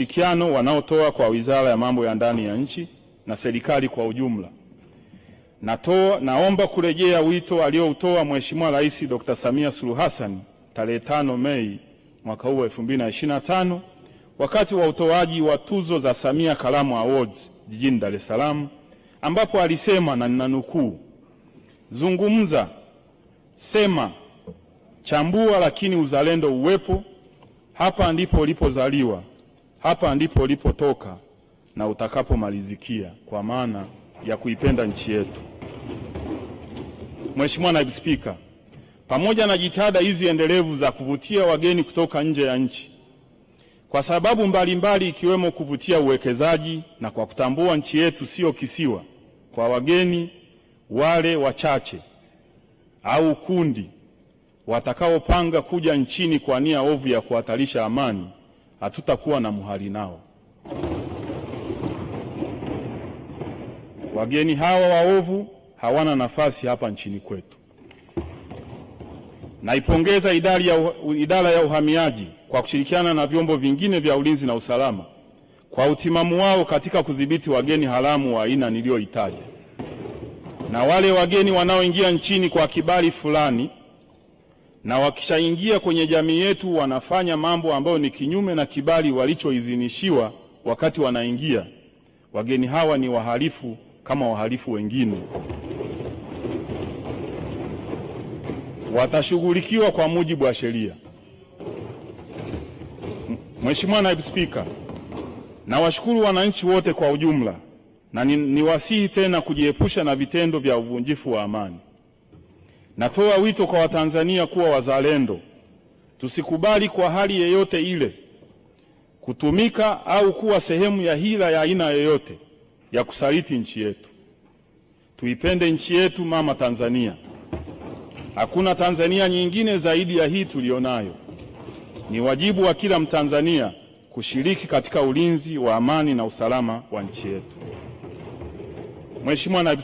Ushirikiano wanaotoa kwa Wizara ya Mambo ya Ndani ya Nchi na serikali kwa ujumla. Natoa, naomba kurejea wito alioutoa Mheshimiwa Rais Dr. Samia Suluhu Hassan tarehe 5 Mei mwaka huu tano wakati wa utoaji wa tuzo za Samia Kalamu Awards jijini Dar es Salaam ambapo alisema na ninanukuu, zungumza, sema, chambua, lakini uzalendo uwepo. Hapa ndipo ulipozaliwa hapa ndipo ulipotoka na utakapomalizikia kwa maana ya kuipenda nchi yetu. Mheshimiwa Naibu Spika, pamoja na jitihada hizi endelevu za kuvutia wageni kutoka nje ya nchi kwa sababu mbalimbali mbali ikiwemo kuvutia uwekezaji na kwa kutambua nchi yetu sio kisiwa kwa wageni wale wachache au kundi watakaopanga kuja nchini kwa nia ovu ya kuhatarisha amani hatutakuwa na muhali nao. Wageni hawa waovu hawana nafasi hapa nchini kwetu. Naipongeza idara ya uhamiaji kwa kushirikiana na vyombo vingine vya ulinzi na usalama kwa utimamu wao katika kudhibiti wageni haramu wa aina niliyoitaja, na wale wageni wanaoingia nchini kwa kibali fulani na wakishaingia kwenye jamii yetu wanafanya mambo ambayo ni kinyume na kibali walichoidhinishiwa wakati wanaingia, wageni hawa ni wahalifu kama wahalifu wengine, watashughulikiwa kwa mujibu wa sheria. Mheshimiwa Naibu Spika, nawashukuru wananchi wote kwa ujumla na ni, niwasihi tena kujiepusha na vitendo vya uvunjifu wa amani. Natoa wito kwa Watanzania kuwa wazalendo. Tusikubali kwa hali yeyote ile kutumika au kuwa sehemu ya hila ya aina yoyote ya kusaliti nchi yetu. Tuipende nchi yetu mama Tanzania. Hakuna Tanzania nyingine zaidi ya hii tuliyonayo. Ni wajibu wa kila Mtanzania kushiriki katika ulinzi wa amani na usalama wa nchi yetu. Mheshimiwa Naibu